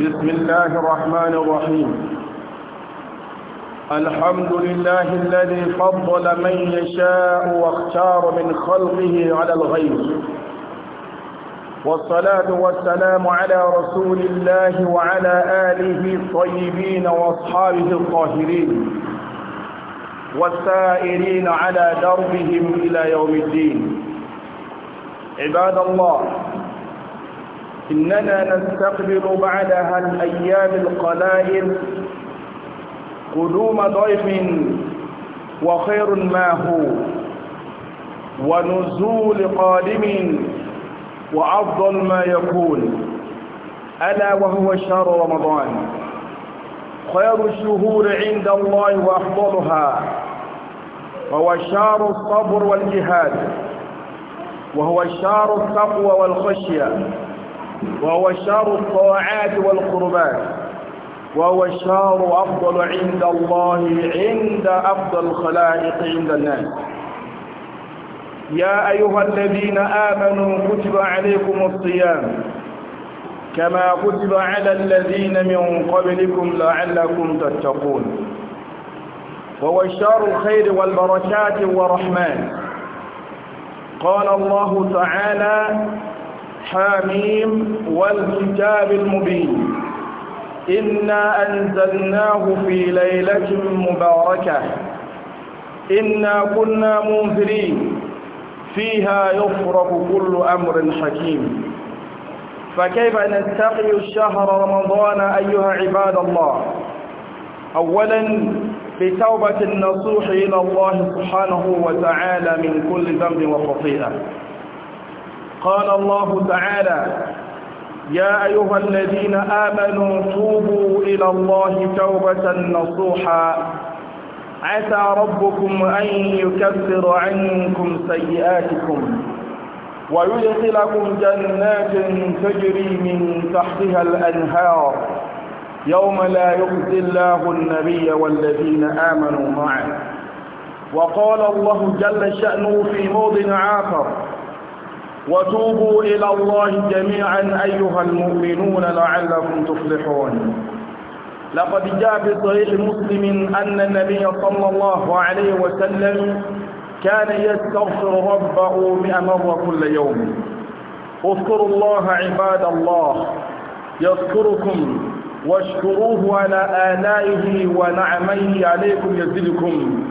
بسم الله الرحمن الرحيم الحمد لله الذي فضل من يشاء واختار من خلقه على الغير والصلاة والسلام على رسول الله وعلى آله الطيبين وأصحابه الطاهرين والسائرين على دربهم إلى يوم الدين عباد الله إننا نستقبل بعدها الأيام القلائل قدوم ضيف وخير ما هو ونزول قادم وأفضل ما يكون ألا وهو شهر رمضان خير الشهور عند الله وأفضلها وهو شهر الصبر والجهاد وهو شهر التقوى والخشية وهو شهر الطاعات والقربات وهو الشهر أفضل عند الله عند أفضل الخلائق عند الناس يا أيها الذين آمنوا كتب عليكم الصيام كما كتب على الذين من قبلكم لعلكم تتقون وهو الشهر الخير والبركات والرحمن قال الله تعالى حميم والكتاب المبين إنا أنزلناه في ليلة مباركة إنا كنا منذرين فيها يفرق كل أمر حكيم فكيف نستقي الشهر رمضان أيها عباد الله أولا بتوبة النصوح إلى الله سبحانه وتعالى من كل ذنب وخطيئة قال الله تعالى يا أيها الذين آمنوا توبوا إلى الله توبة نصوحا عسى ربكم أن يكفر عنكم سيئاتكم ويدخلكم جنات تجري من تحتها الأنهار يوم لا يخزي الله النبي والذين آمنوا معه وقال الله جل شأنه في موضع آخر وتوبوا إلى الله جميعا أيها المؤمنون لعلكم تفلحون لقد جاء في صحيح مسلم أن النبي صلى الله عليه وسلم كان يستغفر ربه مئة مرة كل يوم اذكروا الله عباد الله يذكركم واشكروه على آلائه ونعمه عليكم يزدكم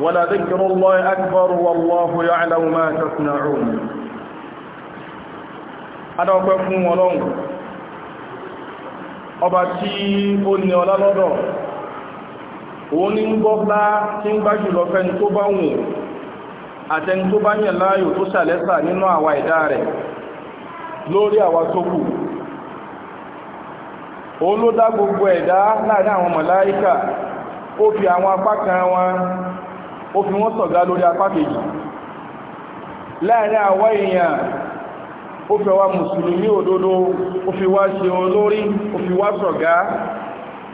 ولذكر الله أكبر والله يعلم ما تصنعون adáwọ́pẹ́ fún ọlọ́run ọba tí ó ní ọlá lọ́dọ̀ òun ní ń gbọ́gbá tí ń gbájú lọ fẹ́ni tó bá wùn àtẹni tó bá yẹ̀ láàyò tó sàlẹ́sà nínú àwa ẹ̀dá rẹ̀ lórí tó ló dá gbogbo ẹ̀dá láàrin àwọn fi àwọn apá kan wọn ó fi wọ́n sọ̀gá lórí apá kejì láàrin èèyàn ó fi wá mùsùlùmí òdodo ó fi wá ṣe olórí ó fi wá ṣọ̀gá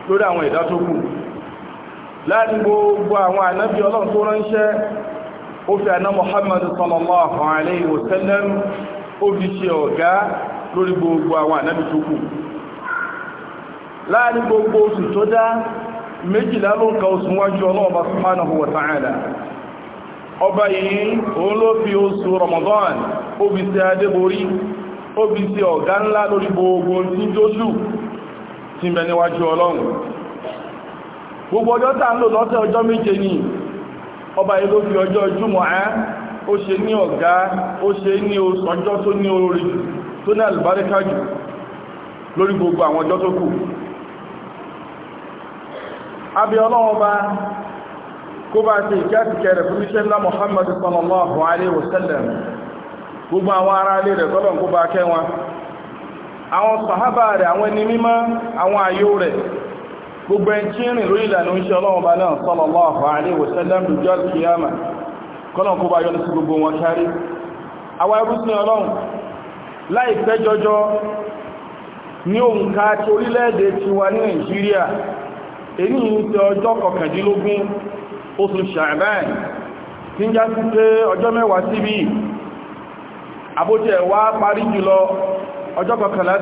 lórí àwọn ẹ̀dá tó kù láàrin gbogbo àwọn ànábí ọlọ́run tó ránṣẹ́ ó fi àná Muhammad sallallahu alaihi wasallam ó fi ṣe ọ̀gá lórí gbogbo àwọn ànábí tó kù láàrin gbogbo oṣù tó dá méjìlá ló ń ka oṣù wájú ọlọ́run subhanahu wa ta'ala ọba yìí òun ló fi oṣù Ramadan ó fi ṣe adéborí ó fi ṣe ọ̀gá ńlá lórí gbogbo tí jóṣù ti bẹ níwájú ọlọ́run gbogbo ọjọ́ tàà ń lò lọ́sẹ̀ ọjọ́ méje ni ọba yìí ló fi ọjọ́ júmọ̀ á ó ṣe ní ọ̀gá ó ṣe ní ọjọ́ tó ní orí tó ní àlùbáríkà lórí gbogbo àwọn ọjọ́ tó kù kó bá ṣe ìkẹ́sì kẹrẹ fún iṣẹ́ ńlá Muhammad sallallahu alaihi wasallam gbogbo àwọn ará ilé rẹ̀ tọ́lọ̀ kó bá kẹ́ wọn àwọn sàhábà rẹ̀ àwọn ẹni mímọ́ àwọn àyó rẹ̀ gbogbo ẹn tí rìn lórí ìlànà iṣẹ́ ọlọ́run bá náà sallallahu alaihi wasallam lójọ́ kìyàmà kọ́lọ̀ kó bá yọ sí gbogbo wọn oṣù ṣàbán tí ń já sí pé ọjọ́ mẹ́wàá síbí àbójẹ̀ wá parí jùlọ ọjọ́ kọkànlá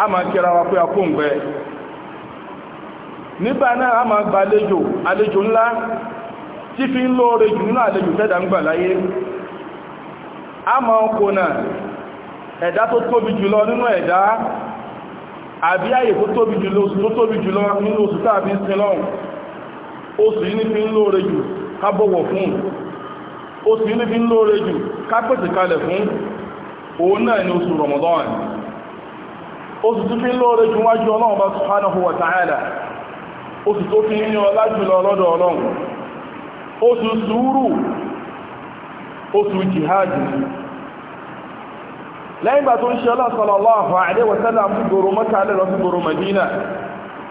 a máa wa pé náà a máa gba àlejò àlejò ńlá tí fi ń jù nínú àlejò tẹ́dà ń gbà láyé a máa náà ẹ̀dá tó tóbi jùlọ nínú ẹ̀dá àbí àyè tó tóbi jùlọ nínú oṣù tàbí oṣù yìí fi ń lóore jù ká bọ̀wọ̀ fún oṣù yìí fi ń lóore jù ká pèsè kalẹ̀ fún òun náà ni oṣù Ramadan oṣù tó fi ń lóore jù wájú Ọlọ́run bá subhanahu wa ta'ala oṣù tó fi ń yan lájùlọ lọ́dọ̀ Ọlọ́run oṣù sùúrù oṣù jihadi lẹ́yìn bá tó ń ṣe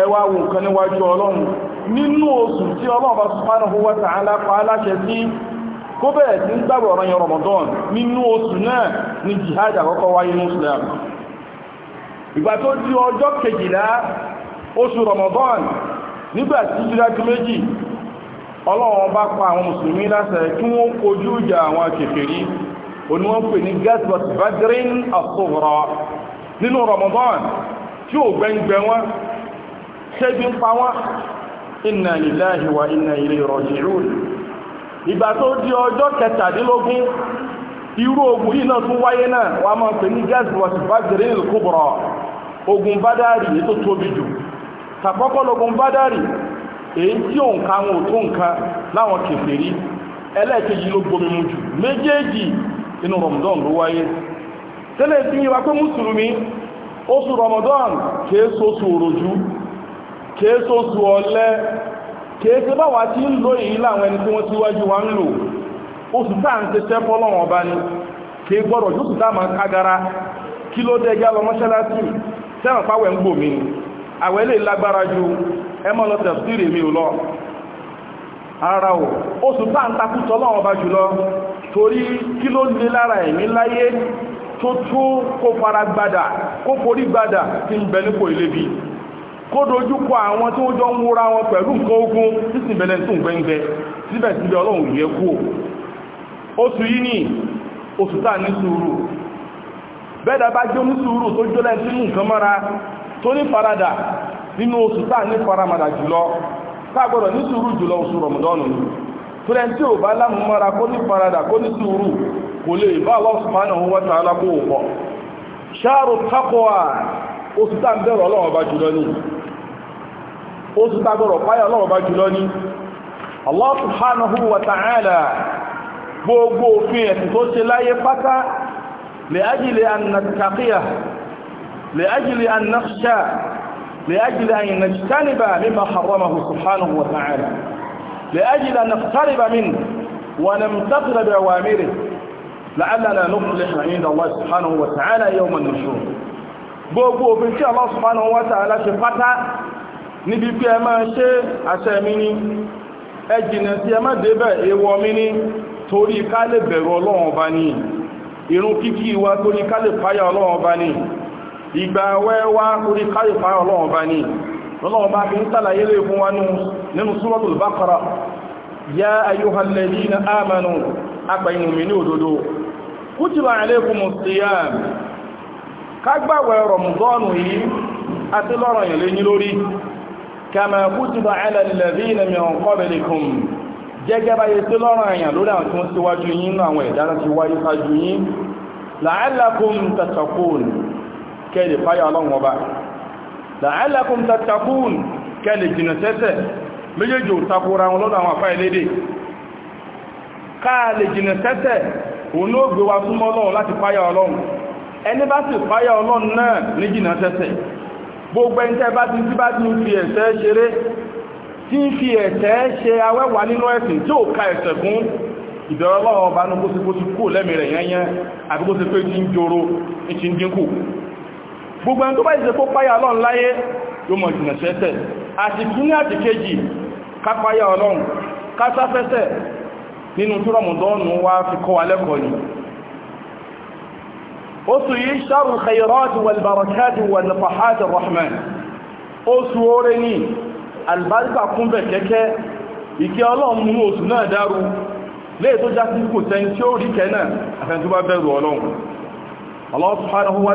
ẹ wá wo nǹkan níwájú ọlọ́run nínú oṣù tí ọlọ́run bá subhanahu wa ta'ala pa aláṣẹ sí kó bẹ̀rẹ̀ sí ń gbàgbọ́ ọ̀rọ̀ yẹn Ramadan nínú oṣù náà ni jihad àkọ́kọ́ wáyé ní Islam ìgbà tó di ọjọ́ kejìlá oṣù Ramadan nígbàtí jílájú méjì ọlọ́run bá pa àwọn mùsùlùmí láṣẹ kí wọ́n kojú ìjà àwọn akẹfẹ̀rí oníwọ́n pè ní gasbot badrin asovra nínú Ramadan tí ò gbẹ́ngbẹ́ wọn tẹ́bí ń pa wọ́n inna lillahi wa inna ilayhi raji'un ìgbà tó di ọjọ́ kẹtàdínlógún irú ogun yìí náà tún wáyé náà wọ́n máa pè ní gas was bazirin kubra ogun bádárì èyí tó tóbi jù tàkọ́kọ́ bádárì èyí tí òǹkà wọn ò tó nǹkan láwọn kèfèrí ẹlẹ́ẹ̀kejì ló gbomi mu jù méjèèjì inú Ramadan ló wáyé tẹ́lẹ̀ sí wa pé mùsùlùmí oṣù Ramadan kìí sóṣù òròjú kìí sóṣù ọ̀lẹ́ kìí ṣe báwa tí ń lò yìí láwọn ẹni tí wọ́n ti wájú wa ń lò oṣù tá à ń ṣe tẹ́fọ́ lọ́wọ́n ọba ni kìí gbọ́dọ̀ yóò tá máa kágara kí ló dé yálọ mọ́ṣáláṣí sẹ́wọ̀n pàwẹ̀ ń gbò mí ni lè lágbára ju ẹ kodo dojú kọ àwọn tí wọ́n jọ ń wúra wọn pẹ̀lú nǹkan ogun sísìn bẹ̀lẹ̀ tó ń gbẹ́ngbẹ́ síbẹ̀síbẹ̀ ọlọ́run yẹ kú oṣù yìí ní oṣù tà ní sùúrù bẹ́ẹ̀dà bá jẹ́ ní sùúrù tó jọ́lẹ̀ nǹkan mọ́ra tó ní nínú oṣù tà ní faramada jùlọ ní sùúrù jùlọ oṣù lẹ́ tí bá kó ní kó ní sùúrù kò lè ó tún tágbọ́rọ̀ páyà lọ́wọ́ bá jùlọ ní Allah subhanahu wa ta'ala gbogbo òfin ẹ̀sìn tó ṣe láyé pátá li ajli an nattaqiyah li ajli an nakhsha li ajli wa ta'ala wa namtathir bi awamirihi la'allana gbogbo òfin tí Allah subhanahu wa ta'ala ṣe pátá níbi pé ẹ máa ṣe àṣẹ mi ní ẹ jìnà sí ẹ má débẹ̀ èèwọ̀ mi ní torí ká lè bẹ̀rù ọlọ́run ọba ní irun kíkí wa torí ká lè páyà ọlọ́run ọba ní ìgbà àwẹ̀ wa torí ká lè páyà ọlọ́run ọba ní ọlọ́run bá fi ń sàlàyé lè fún wa nínú Suratul Baqara ya ayyuhal ladina amanu apẹ̀yìn mi ní òdodo kútìbà alaykumu siyam ká gbàwẹ̀ Ramadan yìí àti lọ́rọ̀ yẹn lé lórí kama kutiba ala alladhina min qablikum jẹ́gẹ́ bá yẹ sí lọ́rọ̀ àyàn lórí àwọn tí wọ́n síwájú yín nínú àwọn ìdára ti wáyé sáájú yín la'allakum tattaqun kẹ́lẹ̀ fáyà ọlọ́run ọba la'allakum tattaqun kẹ́lẹ̀ jìnà tẹ́tẹ̀ méjèèjì ò wọn lọ́dọ̀ àwọn àfá gbogbo ẹni tẹ́ bá ti tí bá ti ń fi ẹ̀ṣẹ̀ ṣeré tí ń fi ẹ̀ṣẹ̀ ṣe awẹ́wà nínú ẹ̀sìn tí ó ka ẹ̀ṣẹ̀ fún ìbẹ̀rẹ̀ ọba ní joro ní ti ń dínkù gbogbo ẹni tó bá ìṣẹ́ kó páyà ọlọ́run láyé yóò mọ̀ jìnà sẹ́tẹ̀ àti kíní àti kejì wa lẹ́kọ̀ọ́ oṣù yìí ṣarul khairat wal barakat wal nafahat arrahman oṣù oore ní albarka kún bẹ̀ kẹ́kẹ́ ìkẹ́ ọlọ́run mú oṣù náà dárú lè tó já sí kò tẹ́ni tí ó rí kẹ́ náà àfẹ́ntú bá bẹ̀rù ọlọ́run Allah subhanahu wa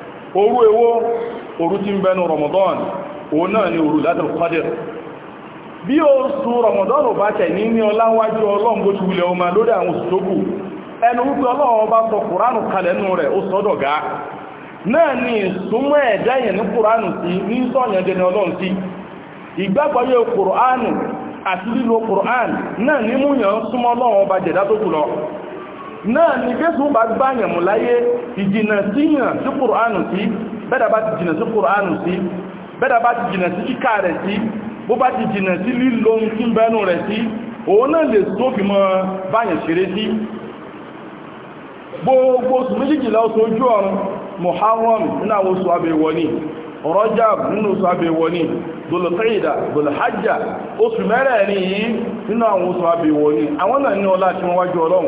Oru ewó òru tí ń Ramadan òun náà ni oru Lailatul Qadr bí Ramadan ò bá tẹ̀ ní ní ọláwájú Ọlọ́run bó ti wulẹ̀ ọmọ lórí àwọn oṣù ẹnu wípé Ọlọ́run bá sọ Kùránù kalẹ̀ nù rẹ̀ ó náà ni ìsúnmọ́ ẹ̀dá yẹn ní Kùránù sí ní Ọlọ́run sí ìgbàgbọ́yé Kùránù àti lílo náà ni jésù bá gbáyàn mú láyé ìjìnà síyàn sí kùránù sí bẹ́dà bá ti jìnà sí kùránù sí bẹ́dà bá ti jìnà sí kíkà rẹ̀ sí bó bá ti jìnà sí lílo ohun tí ń bẹnu rẹ̀ sí òun náà lè sófin mọ́ báyàn ṣeré sí gbogbo oṣù méjìlá oṣù ojú ọ̀run muharram nínú àwọn oṣù abẹ̀wọ̀ ni rajab nínú oṣù abẹ̀wọ̀ ni dulqaida dulhajja oṣù mẹ́rẹ̀ẹ̀rin yìí nínú àwọn oṣù abẹ̀wọ̀ àwọn náà ní ọlá tí wọ́n wájú ọlọ́run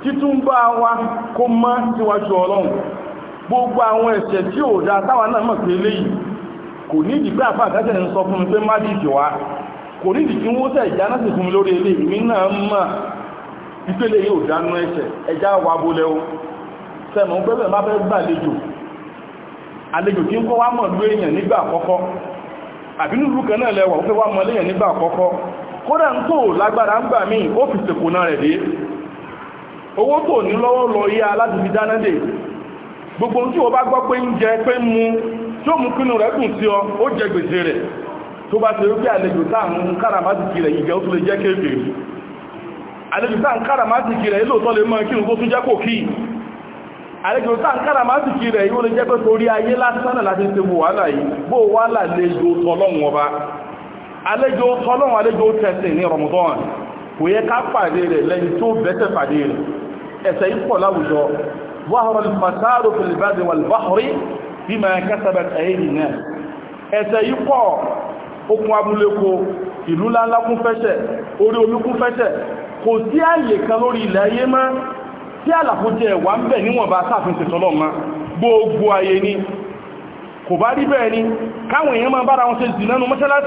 bá wa kó mọ́ síwájú ọlọ́run gbogbo àwọn ẹ̀ṣẹ̀ tí ò dá táwa náà mọ̀ pé léyìí kò ní pé àfà àtẹ́sẹ̀ ń sọ fún mi pé má dìjì wá kò ní wọ́n fún mi lórí ilé mi náà mọ̀ ò dánú ẹ̀ṣẹ̀ ẹja o sẹ́nu pẹ́pẹ́ má fẹ́ gbàlejò àlejò tí ń kọ́ wá mọ̀ lú èèyàn nígbà àkọ́kọ́ kan náà fẹ́ wá mọ̀ nígbà àkọ́kọ́ kódà ń tó fi sèkò náà rẹ̀ dé owó tó ní lọ́wọ́ lọ yá láti fi dáná dè gbogbo tí o gbọ́ pé ń pé ń mu tí ó mú kínú rẹ̀ sí ọ ó jẹ gbèsè rẹ̀ tó bá ṣe wípé àlejò táàmù káràmásìkì rẹ̀ ìjẹ́ ó tún lè jẹ́ kéèkèé àlejò táàmù káràmásìkì rẹ̀ ilóòtọ́ lè mọ́ kínú tó tún jẹ́ kò kí àlejò táàmù káràmásìkì rẹ̀ yóò lè jẹ́ pé torí ayé lásánà wàhálà wàhálà ẹ̀ṣẹ̀ yìí pọ̀ láwùjọ wàhùrọ̀ masáàrù fìlìbáàdì wà lùbáhùrí bí máa kẹsàbẹ̀ ẹ̀yìn nìyẹn ẹ̀ṣẹ̀ yìí pọ̀ okun abúléko ìlú láńlá kún fẹ́ṣẹ̀ orí omi kún fẹ́ṣẹ̀ kò sí àyè kan lórí ilẹ̀ ayé mọ́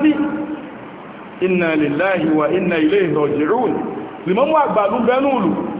tí inna lillahi wa inna ilayhi raji'un limamu àgbàlú bẹ́núùlù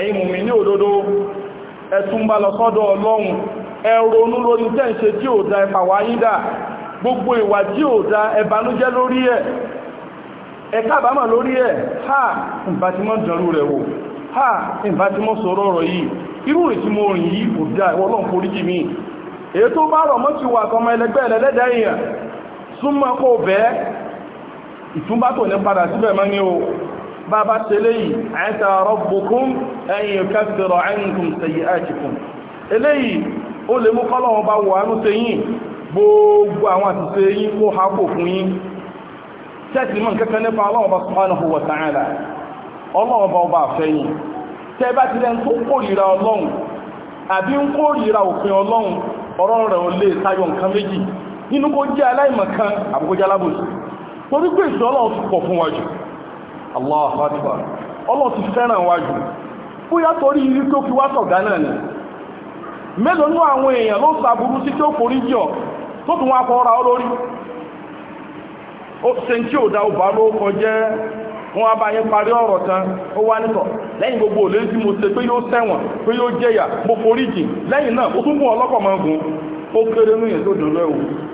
ẹ̀yin mùmí ní òdodo ẹ túnbá lọ sọ́dọ̀ ọlọ́run ẹ ronú lórí tẹ́ǹṣe tí ò da ẹ̀pà wáyídà gbogbo ìwà tí ò da ẹ̀bànújẹ́ lórí ẹ̀ ẹ lórí ẹ̀ ha ìbátímọ̀ dànrú rẹ̀ wò ha ìbátímọ̀ sọ̀rọ̀ ọ̀rọ̀ yìí irú ìtí mo rìn yìí mi èyí tó bá rọ̀ mọ́ ti wà tọmọ ẹlẹgbẹ́ ẹlẹ́dẹ́ èèyàn súnmọ́ kó bẹ́ẹ̀ ìtúmbátò bàbá tẹ́lẹ̀ yìí àyẹ́ta rabbukum an yukaffira ankum sayyi'atikum eléyìí ó lè mú kọ́lọ̀wọ́ bá wà ní tẹ́yìn gbogbo àwọn àtìsẹ́ yìí kó hápò fún yín tẹ́sì mọ́ kẹ́kẹ́ nípa Ọlọ́run bá subhanahu wa ta'ala Ọlọ́run bá ọba àfẹ́yìn tẹ́ bá ti lẹ́n tó kórìíra Ọlọ́run àbí fún wájú Allah akbar Allah ti fẹ́ràn wa jù bóyá torí irí tó fi wá sọ̀gá náà ni mélòó nú àwọn èèyàn ló sàbúrú sí tó forí jọ tó tún wá fọ́ ra ọ ó ṣe tí ò dá ọba ló wọn bá yẹn parí ọ̀rọ̀ gbogbo òlé tí mo ṣe pé yóò ṣẹ̀wọ̀n pé yóò mo náà ó tún ọlọ́kọ̀ ó kéré nú yẹn tó dùn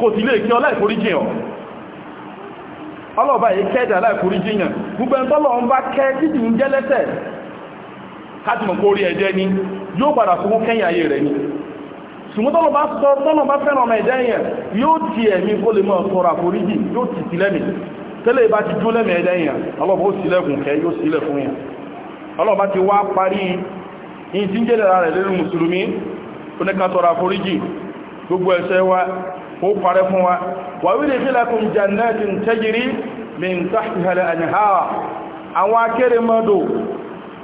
kò sí lè kí ọ láìforíjì ọ ọlọ́ọ̀bá yìí kẹ́ẹ̀dà láìforíjì yàn gbogbo ẹni tọ́lọ̀ ń bá kẹ́ títì ń jẹ́ lẹ́sẹ̀ káti mọ̀ kó rí ẹ̀jẹ́ ni yóò padà fún kẹ́yìn ayé rẹ̀ ni ṣùgbọ́n tọ́lọ̀ bá sọ tọ́lọ̀ bá fẹ́ràn ọmọ ẹ̀jẹ́ yẹn yóò ti ẹ̀mí kó lè mọ̀ sọ̀rọ̀ àforíjì yóò ti sílẹ̀ mi tẹ́lẹ̀ bá ti dúró lẹ́mì ẹ̀jẹ́ yẹn ọlọ́ọ̀bá ó sílẹ̀kùn kẹ́ yóò sílẹ̀ fún yẹn ọlọ́ọ̀bá ti wá parí in ti ń jẹ́ lẹ́ra rẹ̀ lẹ́nu mùsùlùmí ó ní ká tọrọ gbogbo ẹ̀ṣẹ̀ wa kó parẹ́ fún wa wà wílé fílàkùn jannatin tajiri min tahtiha al-anhar àwọn akérèmọdò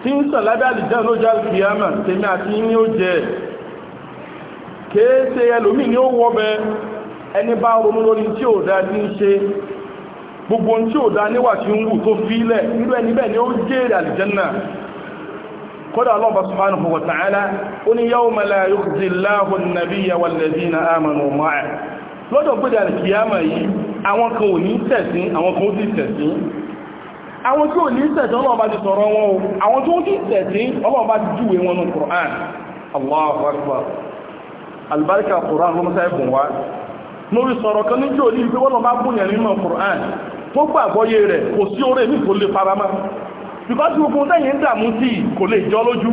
tí ń sàn lábẹ́ àlìjẹ́ ló já kìíyàmà tèmi àti ní ó jẹ tí ò dá gbogbo tí ò dá níwà tí ń wù tó fílẹ̀ irú ẹni bẹ́ẹ̀ ni ó jèrè àlìjẹ́nà kódà Allah subhanahu wa ta'ala ó ní yawma la yukhzi Allahu an-nabiyya wal-ladhina amanu lọ́jọ́ gbẹ́dẹ̀ alìkìyàmà yìí àwọn kan ò ní tẹ̀sìn àwọn kan ó ti tẹ̀sìn àwọn tí ò ní tẹ̀sìn ọlọ́ọ̀bá ti sọ̀rọ̀ wọn o àwọn tó ti tẹ̀sìn ọlọ́ọ̀bá ti júwe wọn ní Qur'an Allahu Akbar albarka Qur'an ló mọ́sá ẹ̀bùn wa lórí sọ̀rọ̀ kan níjọ́ ní ìgbé wọ́n bá bùn yẹn nínú Qur'an tó gbàgbọ́yé rẹ̀ kò sí oore mi kò lè faramá because gbogbo tẹ́yìn ń dààmú sí kò lè jọ lójú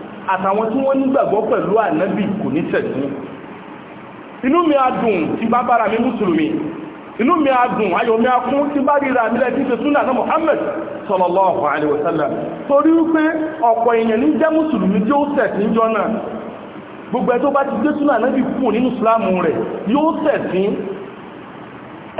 àtàwọn tí wọ́n nígbàgbọ́ pẹ̀lú ànábì kò ní tẹ̀sí inú mi adùn tí bá bára mi mùsùlùmí inú mi adùn ayọ̀ mi akún tí bá ríra mílẹ̀ tí ṣe súnà náà Muhammad sallallahu alaihi wasallam torí wípé ọ̀pọ̀ èèyàn ní jẹ́ mùsùlùmí tí ó tẹ̀sí jọ náà gbogbo ẹ̀ tó bá ti dé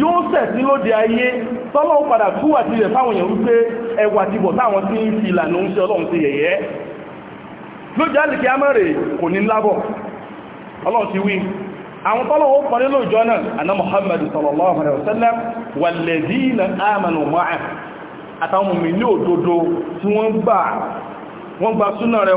yóò sẹ̀ sí lóde ayé tọ́lọ́ padà tú àti rẹ̀ fáwọn èèyàn wípé ẹwà ti bọ̀ táwọn tí ń fi ìlànà oúnjẹ ọlọ́run ti yẹ̀yẹ́ lójú àlìkí amẹ́rẹ̀ kò ní lábọ̀ ọlọ́run ti wí àwọn tọ́lọ̀ ó kọ̀ nílò ìjọ náà àná Muhammad sallallahu alaihi wasallam walladhina amanu ma'a àtàwọn mùmí ní òdodo tí wọ́n gbà súnà rẹ̀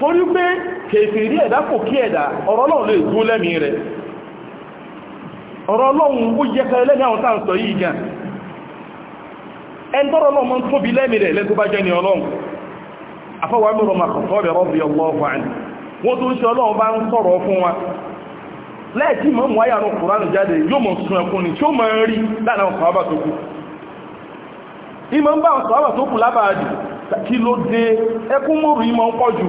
torí pé kèfè rí ẹ̀dá kò kí ẹ̀dá ọ̀rọ̀ Ọlọ́run lè dúó lẹ́mìí rẹ̀ ọ̀rọ̀ Ọlọ́run ó yẹ kẹrẹ àwọn tàǹsọ̀ yìí gan ẹn tọ́rọ Ọlọ́run mọ́n tóbi lẹ́mìí rẹ̀ lẹ́tọ́ bá jẹ́ ni Ọlọ́run afọ́wàmọ́rọ̀ kí ló dé ẹkún mọ́rù ìmọ̀ ń pọ̀ jù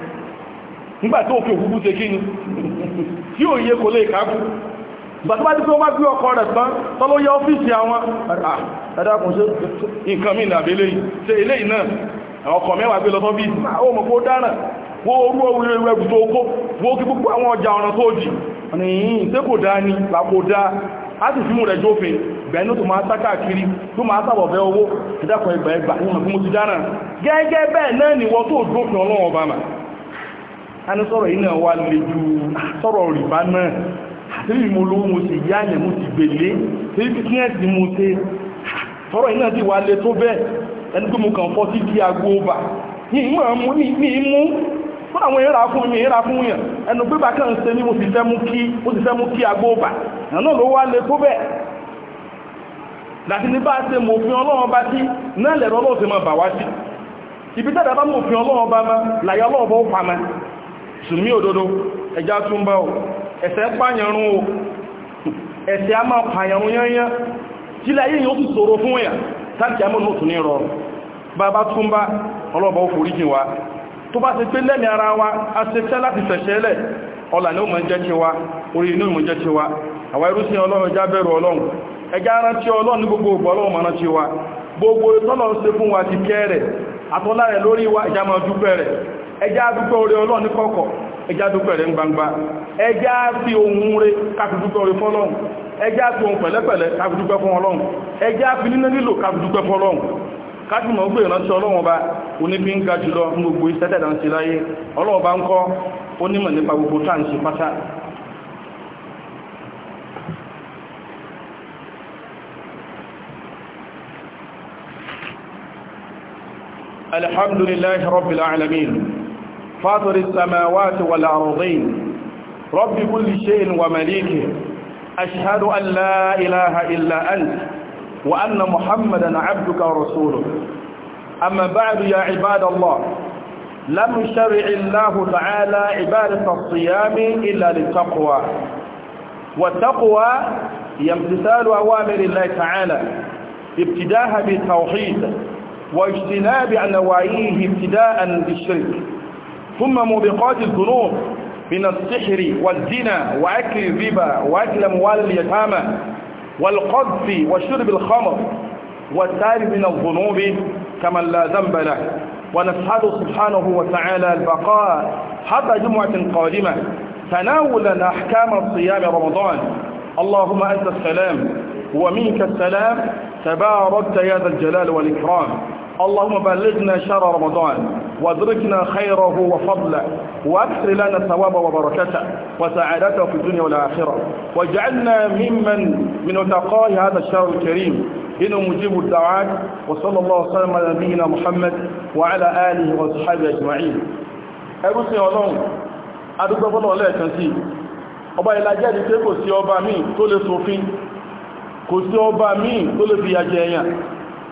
nígbà tó fi òkúkú ṣe kí ni tí ò yẹ kò lè kákú bàtúbá tí ó bá gbé ọkọ̀ rẹ̀ tán tọ́lọ́ yẹ ọ́fíìsì àwọn àdákùn ah, ṣe nǹkan mìí nàbí lè ṣe ilé iná ọkọ̀ mẹ́wàá gbé lọ tán bí ah, ó mọ̀ kó dára wó orú orí ẹgbù tó kó wó kí púpọ̀ àwọn ọjà ọ̀ràn tó jì nìyìn tí kò dá ní làkò dá a sì fi mú rẹ̀ jófin bẹ̀ẹ́nú tó máa sákàkiri tó máa sábọ̀bẹ̀ owó ìdákan ẹgbẹ̀ẹ́gbà ní ọmọ tí mo ti dára gẹ́gẹ́ bẹ́ẹ̀ náà ni wọ́n tó dófin ọlọ́run ọba mà a ní sọ̀rọ̀ iná wà lè ju sọ̀rọ̀ rìbá náà tí mo lówó mo sì yá yẹn mo sì gbèlé tí bíkínẹ́sì mo ṣe sọ̀rọ̀ iná ti wà lè tó bẹ́ẹ̀ ẹni pé mo kàn fọ́ sí kí aago bà ní ìmú fún àwọn ìrà fún mi ìrà fún yàn ẹnu pé bàkà ń ṣe ní mo sì fẹ́ mú kí mo sì fẹ́ mú kí aago sùnmí òdodo ẹjá tún bá o ẹ̀ṣẹ̀ pàyànrún o ẹ̀ṣẹ̀ a máa pàyànrún yányá tílẹ̀ yìí yóò tún ṣòro fún ẹ̀yà tàbí àmọ́ náà tún ní rọrùn bàbá tún bá ọlọ́ọ̀bá ó forí jìn wa tó bá ṣe pé lẹ́mì ara wa a ṣe tẹ́ láti fẹ̀ṣẹ̀ ọlà ní òmọ̀ jẹ́ ti wa orí inú ìmọ̀ jẹ́ ti wa àwa irúsí ọlọ́run ẹjá bẹ̀rù ọlọ́run ẹjá rántí ọlọ́run ní gbogbo ọlọ́run mọ̀rán ti wa gbogbo tọ́lọ̀ ṣe fún wa ti kẹ́ rẹ̀ àtọ́lá rẹ̀ lórí wa ìjá máa dúpẹ́ ẹjá dúpẹ́ orí ọlọ́run ní kọ̀kọ̀ dúpẹ́ rẹ̀ ń gbangba ẹjá fi ohun rẹ̀ káfi orí fọ́lọ́run ẹjá fi ohun pẹ̀lẹ́pẹ̀lẹ́ káfi fún ọlọ́run ẹjá fi nínú lílò káfi dúpẹ́ fọ́lọ́run kájùmọ̀ gbé ìrántí ọlọ́run ọba فاطر السماوات والأرضين رب كل شيء ومليكه أشهد أن لا إله إلا أنت وأن محمدا عبدك ورسولك أما بعد يا عباد الله لم يشرع الله تعالى عبادة الصيام إلا للتقوى والتقوى هي امتثال أوامر الله تعالى ابتداء بالتوحيد واجتناب عن نواهيه ابتداء بالشرك ثم موبقات الذنوب من السحر والزنا وأكل الربا وأكل أموال اليتامى والقذف وشرب الخمر والثالث من الذنوب كمن لا ذنب له ونسأله سبحانه وتعالى البقاء حتى جمعة قادمة تناولا أحكام صيام رمضان اللهم أنت السلام ومنك السلام تباركت يا ذا الجلال والإكرام اللهم بلغنا شهر رمضان وادركنا خيره وفضله وأكثر لنا ثوابه وبركته وسعادته في الدنيا والآخرة واجعلنا ممن من أتقاء هذا الشهر الكريم إنه مجيب الدعوات وصلى الله وسلم على نبينا محمد وعلى آله وصحبه أجمعين أبو سيولون أدوك بلو الله يتنسي ọba ìlàjẹ́ ìdíkẹ́ kò sí ọba míì tó lè ṣòfin kò sí ọba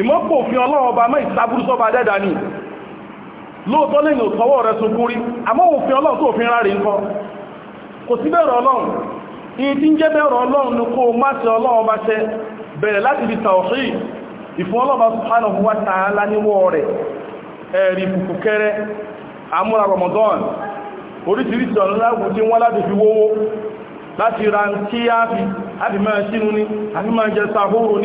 ìmọ́pòfin ọlọ́run ọba mẹ́ ìsàbúrú sọ́ba dẹ́dà ni lóòótọ́ lẹ́yìn òtọ́wọ́ rẹ̀ sunkún rí àmọ́ òfin ọlọ́run tó fi rárá rí nǹkan kò sí bẹ̀rẹ̀ ọlọ́run ìyí tí ń jẹ́ bẹ̀rẹ̀ ọlọ́run ni kó má ṣe ọlọ́run bá ṣe bẹ̀rẹ̀ láti fi tàwọ̀sí ìfún ọlọ́run subhanahu wa ta'ala níwọ̀ rẹ̀ ẹ̀rì ìfùkù Ramadan oríṣiríṣi ọ̀nà láwù tí wọ́n láti fi wówó láti ra tí á fi máa sínú ni àfi máa jẹ sàhóòrò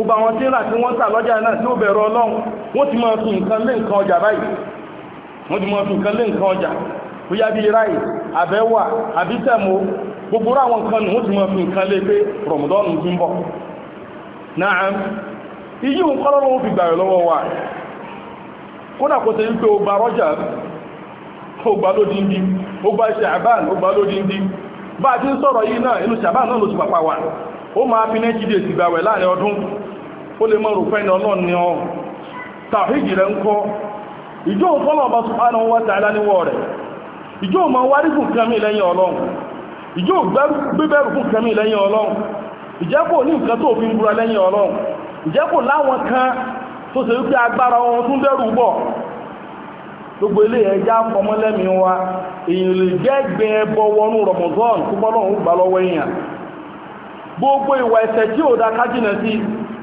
gbogbo àwọn tí rà tí wọ́n tà lọ́jà náà tí ó bẹ̀rọ ọlọ́run wọ́n ti fi nǹkan lé nǹkan ọjà báyìí wọ́n ti máa fi nǹkan lé nǹkan ọjà yá bí ráì àbẹ́wà àbí gbogbo nǹkan wọ́n ti fi nǹkan lé pé rọ̀mùdọ́nù fi fi ìgbàwẹ̀ láàrin ọdún ó lè mọ́ rùpẹ́ le ọlọ́run ni ọ tàfíjì rẹ̀ ń kọ́ ìjọ òfọ́lọ̀ ọba subhanahu wa ta'ala níwọ̀ rẹ̀ ìjọ òmọ̀ wárígùn kẹmí lẹ́yìn ọlọ́run fún kẹmí lẹ́yìn ọlọ́run ní fi gbogbo ilé ẹja lẹ́mí wa èyàn lè jẹ́gbẹ́ ẹbọ wọnú gbogbo ìwà tí dá sí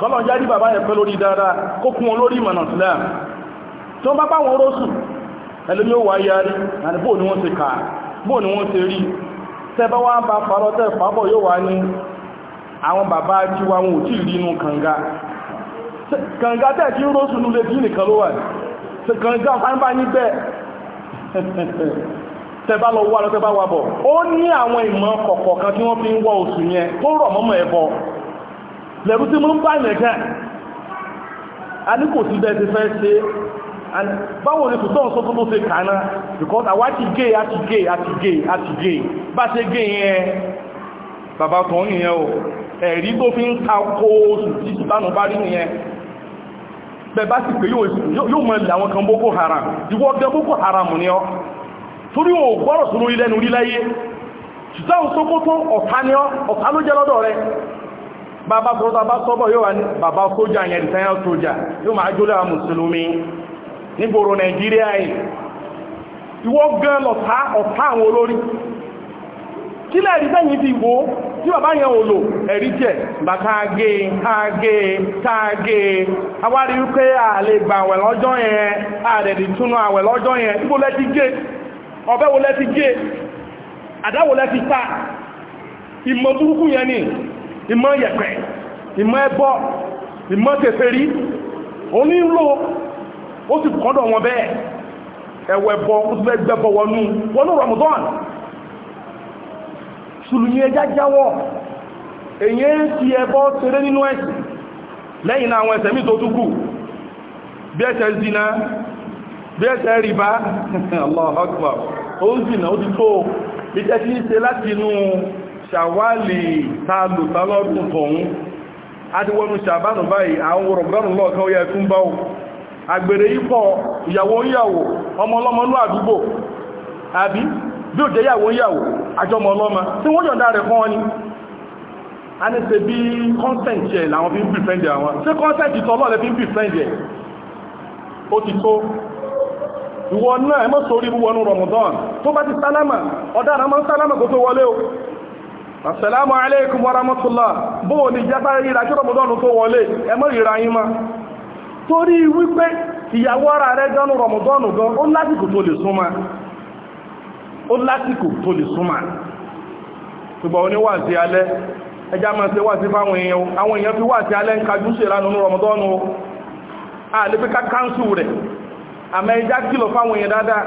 kọ́lọ̀ járí bàbá yẹn pẹ́ lórí dáadáa kó kún wọn lórí ìmọ̀nà Islam tó bá bá wọn rósù ẹlẹ́mí ó wà yarí àti bóò ni wọ́n ṣe kà bóò ni wọ́n ṣe rí tẹ́ bá wá bá parọ́ tẹ́ fàbọ̀ yóò wá ní àwọn bàbá tí wá wọn ò tí rí inú kànga kànga tẹ́ tí rósù nulẹ̀ bí nìkan ló wà ṣe kànga fáńbá ní bẹ́ẹ̀ tẹ́ bá lọ wá lọ tẹ́ bá wà bọ̀ ó ní àwọn ìmọ̀ kọ̀kọ̀ kan tí wọ́n fi ń wọ oṣù yẹn tó rọ̀ mọ́mọ́ ẹ̀bọ lẹ́rú tí mo ń bá ìmẹ̀kẹ́ a ní kò sí bẹ́ẹ̀ ti fẹ́ ṣe báwo ni tòtọ́ ọ̀sọ́ tó ló ṣe kàánà because àwa ti gay, a ti gé a ti gé a ti gé bá ṣe gé yẹn bàbá tó ń yẹn o ẹ̀rí tó fi ń ta kó oṣù tí ìbánu bá rí yẹn bẹ̀bá sì pé yóò mọ̀ ilẹ̀ àwọn kan boko haram ìwọ gẹ boko haram ni ọ́ torí o gbọ́rọ̀ sórí lẹ́nu rí láyé ṣùgbọ́n sókótó ọ̀tá ni ọ́ ọ̀tá ló jẹ́ lọ́dọ̀ rẹ̀ bàbá bọ́ta bá sọ́bọ̀ yóò wà ní bàbá sójà yẹn ìsáyẹ̀ sójà yóò máa jólẹ̀ mùsùlùmí nígboro nàìjíríà yìí ìwọ gan lọ̀tá ọ̀tá àwọn olórí kí lẹ́rí bẹ́yìn ti wo tí bàbá yẹn ò lò ẹ̀rí jẹ́ bá káàgé káàgé káàgé awárí wípé àlè gbà àwẹ̀ lọ́jọ́ yẹn àrẹ̀dì túnú àwẹ̀ lọ́jọ́ yẹn ibò lẹ́ti gé ọ̀bẹ́ wo lẹ́ti gé àdáwò lẹ́ti ta ìmọ̀ burúkú yẹn ni ìmọ̀ yẹ̀pẹ̀ ìmọ̀ ẹbọ ìmọ̀ kèfèrí onílò ó sì kọ́dọ̀ wọn bẹ́ẹ̀ ẹ̀wọ̀ ẹbọ ó sì fẹ́ gbẹ́bọ wọnú wọnú Ramadan sùlùyìn ẹjá jáwọ́ èyí ń fi ẹbọ ṣeré nínú ẹ̀sìn lẹ́yìn àwọn ẹ̀ṣẹ̀ mí tó tún kù bí ẹ̀ṣẹ̀ zina bí ẹ̀ṣẹ̀ rìbá Allahu Akbar ó ń zina ó ti tó ìtẹ́ ti ń ṣe láti inú ṣàwálì tààlù tàlọ́dún tọ̀hún adíwọ́nù ṣàbánù báyìí àwọn rọ̀gbọ́nù lọ́ọ̀kan ó yẹ fún bá o àgbèrè ipọ̀ ìyàwó ìyàwó ọmọ ọlọ́mọ ní àdúgbò àbí bí ò jẹ́ ìyàwó ìyàwó àjọmọ ọlọ́mọ tí wọ́n yọ̀ǹda rẹ̀ fún ọ ni a ní ṣe bí consent ẹ̀ làwọn fi ń bí friend àwọn ṣé consent tọ́lọ́ rẹ̀ fi ń bí friend ẹ̀ ó ti tó ìwọ náà ẹ mọ́ sórí wọnú Ramadan tó bá ti sálámà ọ̀daràn máa sálámà kó tó wọlé o assalamu alaikum wa rahmatullah bóò ní ìjábá ríra kí rọmọdọ́nù tó wọlé ẹ mọ́ ríra ma torí wípé ìyàwó ara rẹ̀ gánú rọmọdọ́nù gan ó lásìkò tó lè súnmọ́ ó lásìkò tó lè súnmọ́ ṣùgbọ́n oníwà sí alẹ́ ẹjá máa ṣe wà sí fáwọn èèyàn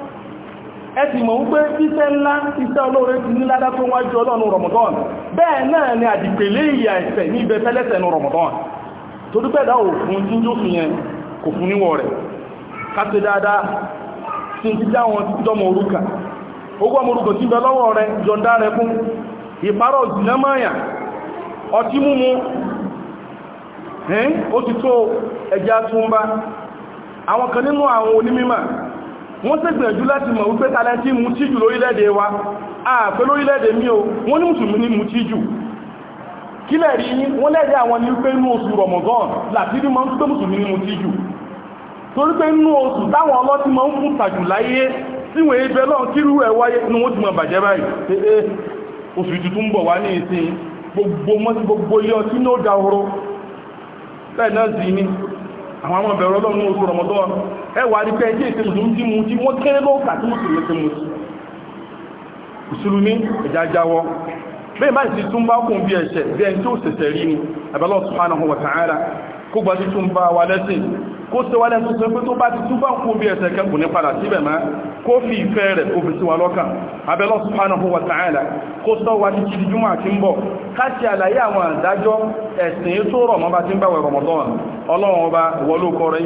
ẹ ti mọ̀ wípé iṣẹ́ ńlá iṣẹ́ olóore ti ní ládá tó wájú ọlọ́run rọmọdán bẹ́ẹ̀ náà ni ìyà ní ibẹ̀ fẹ́lẹ́sẹ̀ ní rọmọdán tó dúpẹ́dá òfin tí ó fi yẹn kò fún níwọ̀ rẹ̀ dáadáa tí ti ń bẹ lọ́wọ́ rẹ̀ tó wọ́n sì gbìyànjú láti mọ̀ wípé talenti mutí jù lórílẹ̀-èdè wa ààfẹ́ lórílẹ̀-èdè mi o wọ́n ní mùsùlùmí ní mutí jù kílẹ̀ rí yí wọ́n lẹ́rìí àwọn ní wípé inú oṣù Ramadan láti rí mọ́ tó mùsùlùmí ní mutí jù torí pé inú oṣù táwọn ọlọ́tí mọ́ ń fún tàjù láyé tí wọ́n ibẹ̀ lọ́n kírú ẹ̀ wáyé ní wọ́n ti mọ̀ bàjẹ́ báyìí oṣù tuntun bọ̀ wá ní ìsìn gbogbo mọ́sí gbogbo ilé ọtí ní ó da oró bẹ́ẹ̀ náà sì ní àwọn ọmọ bẹ̀rẹ̀ ọlọ́run oṣù ẹ wà rí pé ẹjẹ́ ìṣe mùsùlùmí tí mu tí wọ́n kéré ló kà tí mùsùlùmí ti mu mùsùlùmí ẹ̀já jáwọ́ bẹ́ẹ̀ bá ti tún bá kún bí ẹ̀ṣẹ̀ bí ẹni tí ó ṣẹ̀ṣẹ̀ rí ni àbẹ́lọ́ subhanahu wa ta'ala kó gba sí tún bá ti tún bá kún bí ẹ̀ṣẹ̀ kẹ́kùn ní padà síbẹ̀ máa kó fi ìfẹ́ rẹ̀ kó fi sí wa lọ́kàn abẹ́lọ́ subhanahu wa ta'ala kó sọ wa ní kìdí júmọ̀ àti ń bọ̀ káṣí àlàyé àwọn àdájọ́ ẹ̀sìn tó rọ̀ mọ́ bá ti ń bá wẹ̀ Ramadan ọlọ́run ọba wọlé ọkọ̀ rẹ̀ ń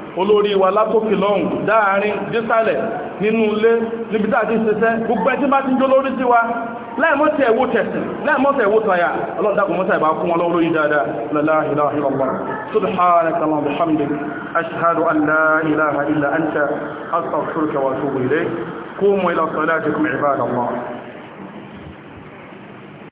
olórí wa látòkè lọ́hùn dáàrin dísàlẹ̀ nínú ilé níbi tá a ti ṣiṣẹ́ gbogbo ẹtí bá ti jó lórí sí wa láìmọ́ tẹ̀ ẹ̀wò tẹ̀sìn láìmọ́ tẹ̀ ẹ̀wò tàyà ọlọ́run dákun mọ́ta ìbá fún wọn lọ́wọ́ lórí dáadáa la ilaha illallah subhanaka wa bihamdika ashhadu an la ilaha illa anta